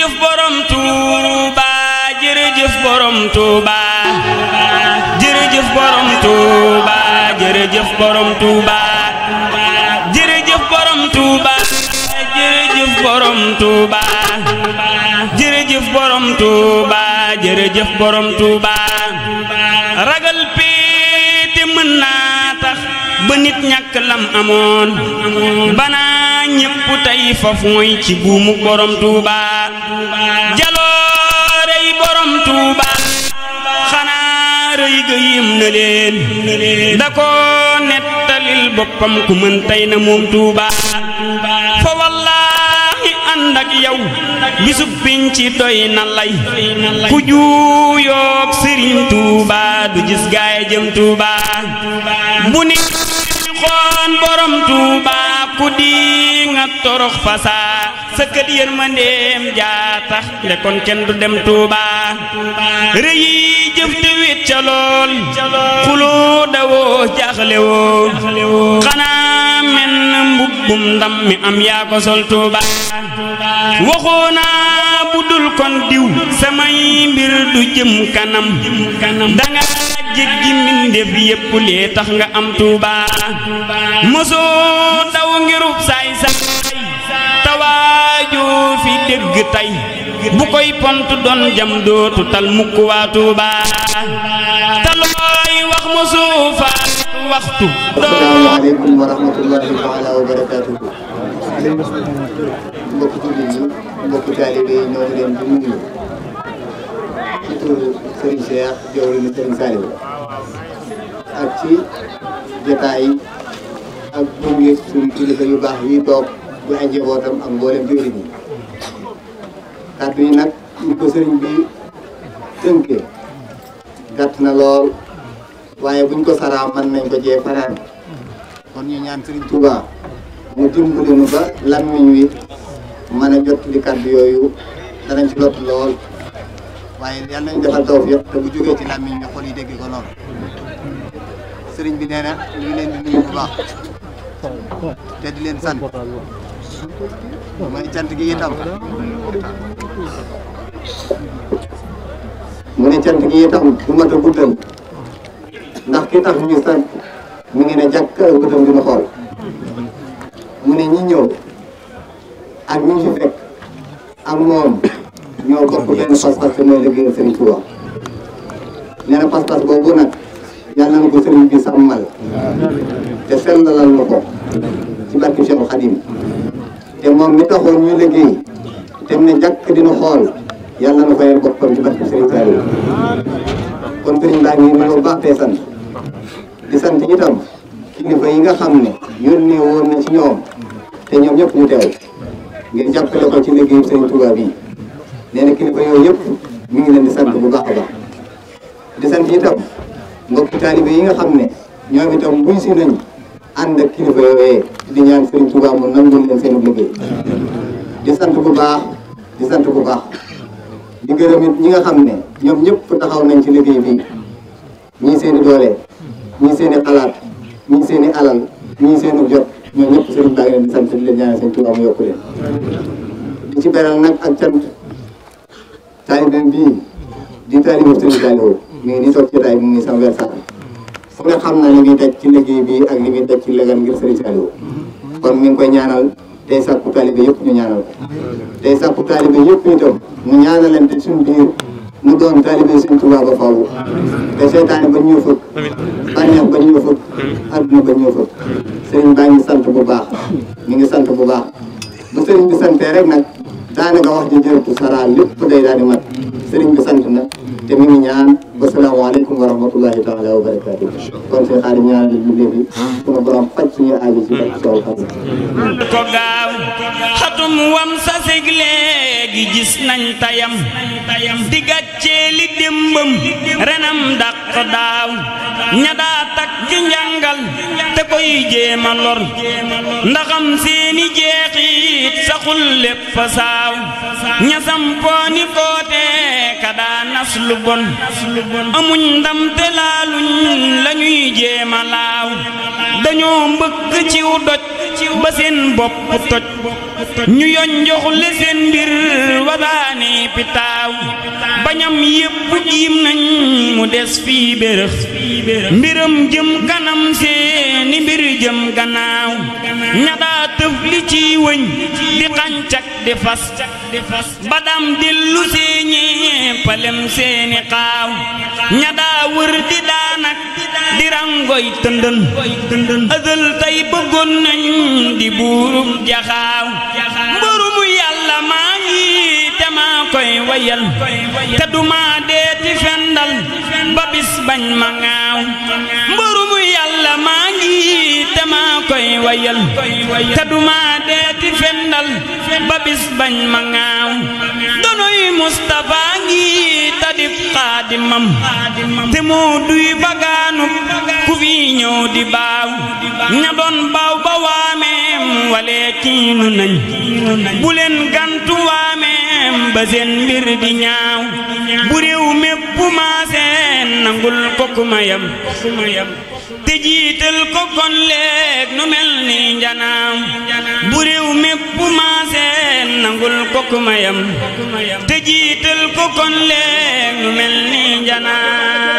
jërëjëf borom Touba jërëjëf borom Touba jërëjëf borom borom Touba jërëjëf borom borom Touba ragal péete mën naa tax ba nit ñàkk lam amoon banaa ñépp tey faf mooy ci buumu borom tuuba jaloorey borom tuuba xanaa rëy ga yéem na leen da ko nettalil boppam ku mën tey na moom tuuba fa wallaahi ànd ak yow bisub piñ ci doy na lay ku juuyoog sëriñ tuuba du gis gaay jëm tuuba bu ni xoon borom tuuba ku di nag torox fasa sëkkat yërmandeem jaa tax le kon kenn du dem Touba rëy jëf te wit ca lool xuloo dawoo jaaxle xanaa men mbubbum ndam mi am yaa ko sol Touba waxoo naa budul kon diw samay mbir du jëm kanam danga jéggi mbindéef yépp lee tax nga am Tuuba mosoo daw ngirub saay saay tawaajoo fi dégg tey bu koy pont doon jam dootu tal mukk waa Tuuba talooy wax mosoo faat waxtu assalaamu njiitu Serigne Cheikh jawriñu Serigne Saliou ak ci jotaay ak moom yëpp suñu kilifa yu baax yi toog di ay njabootam ak mboolem jawriñ yi kàddu yi nag ñu ko sëriñ bi tënkee gàtt na lool waaye buñ ko saraa mën nañ ko jee faraan kon ñu ñaan Serigne Touba mu dimbali nu ba lan wi mën a jot li kàddu yooyu danañ ci lot lool waaye yal nañu defal tawfiq te bu jógee ci làmmiñ ñu xol yi dégg ko noonu sëriñ bi nee na ñu ngi leen di nuyu te di leen sant mooy cant gi itam mu ne cant gi itam du mat a guddal ndax ki tax ñu sant mu ngi ne jàkk ak bëtam dina xool mu ne ñi ñëw ak ñi ñu fekk ak moom ñoo ko ko pas-pas te mooy liggéeyal Serigne Touba nee na pas-pas boobu nag yàlla na ko Serigne bi sàmmal te sellalal na ko ci barke Cheikh Khadim te moom mi taxoon ñu liggéey te mu ne jàkk dina xool yàlla na fayal boppam ci barke Serigne kon Serigne baa ngi nuyoo baax te sant di sant yi nga xam ne yónnee woon na ci ñoom te ñoom ñëpp ñu teew ngir jàppale ko ci liggéeyu Serigne Touba bi nee na kilifa yooyu yëpp mu ngi leen di sant bu baax a baax di sant itam mbokki taalibe yi nga xam ne ñoom itam si nañu ànd ak kilifa yooyee di ñaan Serigne Touba mu nangul seen liggéey di sant bu baax di sant bu baax di gërëm ñi nga xam ne ñoom ñëpp taxaw nañ ci liggéey bi ñii seen i doole ñii seen i xalaat ñii seen alal ñii seen i jot ñoom ñëpp Serigne Touba leen di sant di leen ñaanal Serigne Touba mu yokku di ci beral nag ak cant. taalibeem bii di taalibe sëñ Saliou mii ni toog ci taay bi nii sama weer xam na li muy daj ci bi ak li muy daj ci lëgal ngir sëñ Saliou kon mi ngi koy ñaanal tey sàkku taalibe yëpp ñu ñaanal ko tey sàkku taalibe yëpp itam ñu ñaanal leen te suñu biir ñu doon taalibe sëñ Tuubaa ba faaw te seytaane ba ñu fëkk bànneex ba ñu fëkk adduna ba ñu fëkk sëriñ baa ngi sant bu baax mi ngi sant bu baax bu sëriñ bi santee rek nag daanaka wax ji jërëjëf Sara lépp day daal di mat sëriñ bi sant na te mi ñaan. asalaamaaleykum wa rahmatulahi taala wa barakaatu kon seen xaar ñaanal ko gaaw xatum wam sa léegi gis nañ tayam di gàccee li démbam renam dàq daaw ña daa takk njàngal te koy jéema lor ndaxam seeni jeexit saxul lépp fa saaw ña sampooni ko nas lu bon amuñ ndam te laaluñ lañuy jéema laaw dañoo mbëkk ciw doj ba seen bopp toj ñu yoñ seen mbir wasaane pitaaw bañam yépp jiim nañ mu des fii bérëx mbiram jëm kanam seeni mbir jëm gannaaw li ci wëñ di xancak di fas ba dam dillu seeñee palem seeni xaaw ña daa wër di daanak di rangoy tëndën ësël tey bëggoon nañ di buurub jaxaaw mbërumu yàlla maa ngi te maa koy wayal te duma deeti fendal ba bis bañ ma nga wayal te duma deeti fendal ba bis ma ngaaw donuy Mustafa ngi tadib xaadimam te moo duy bagaanu ku fi ñëw baaw ña doon baaw ba waameem walee kiinu nañ bu leen gantu waameem ba seen mbir di ñaaw bu réew mépp maaseen nangul kokuma yam te jiital ko kon leen janam bu réew mépp maasee nangul kokku mayam te ko kon leeg nu mel ni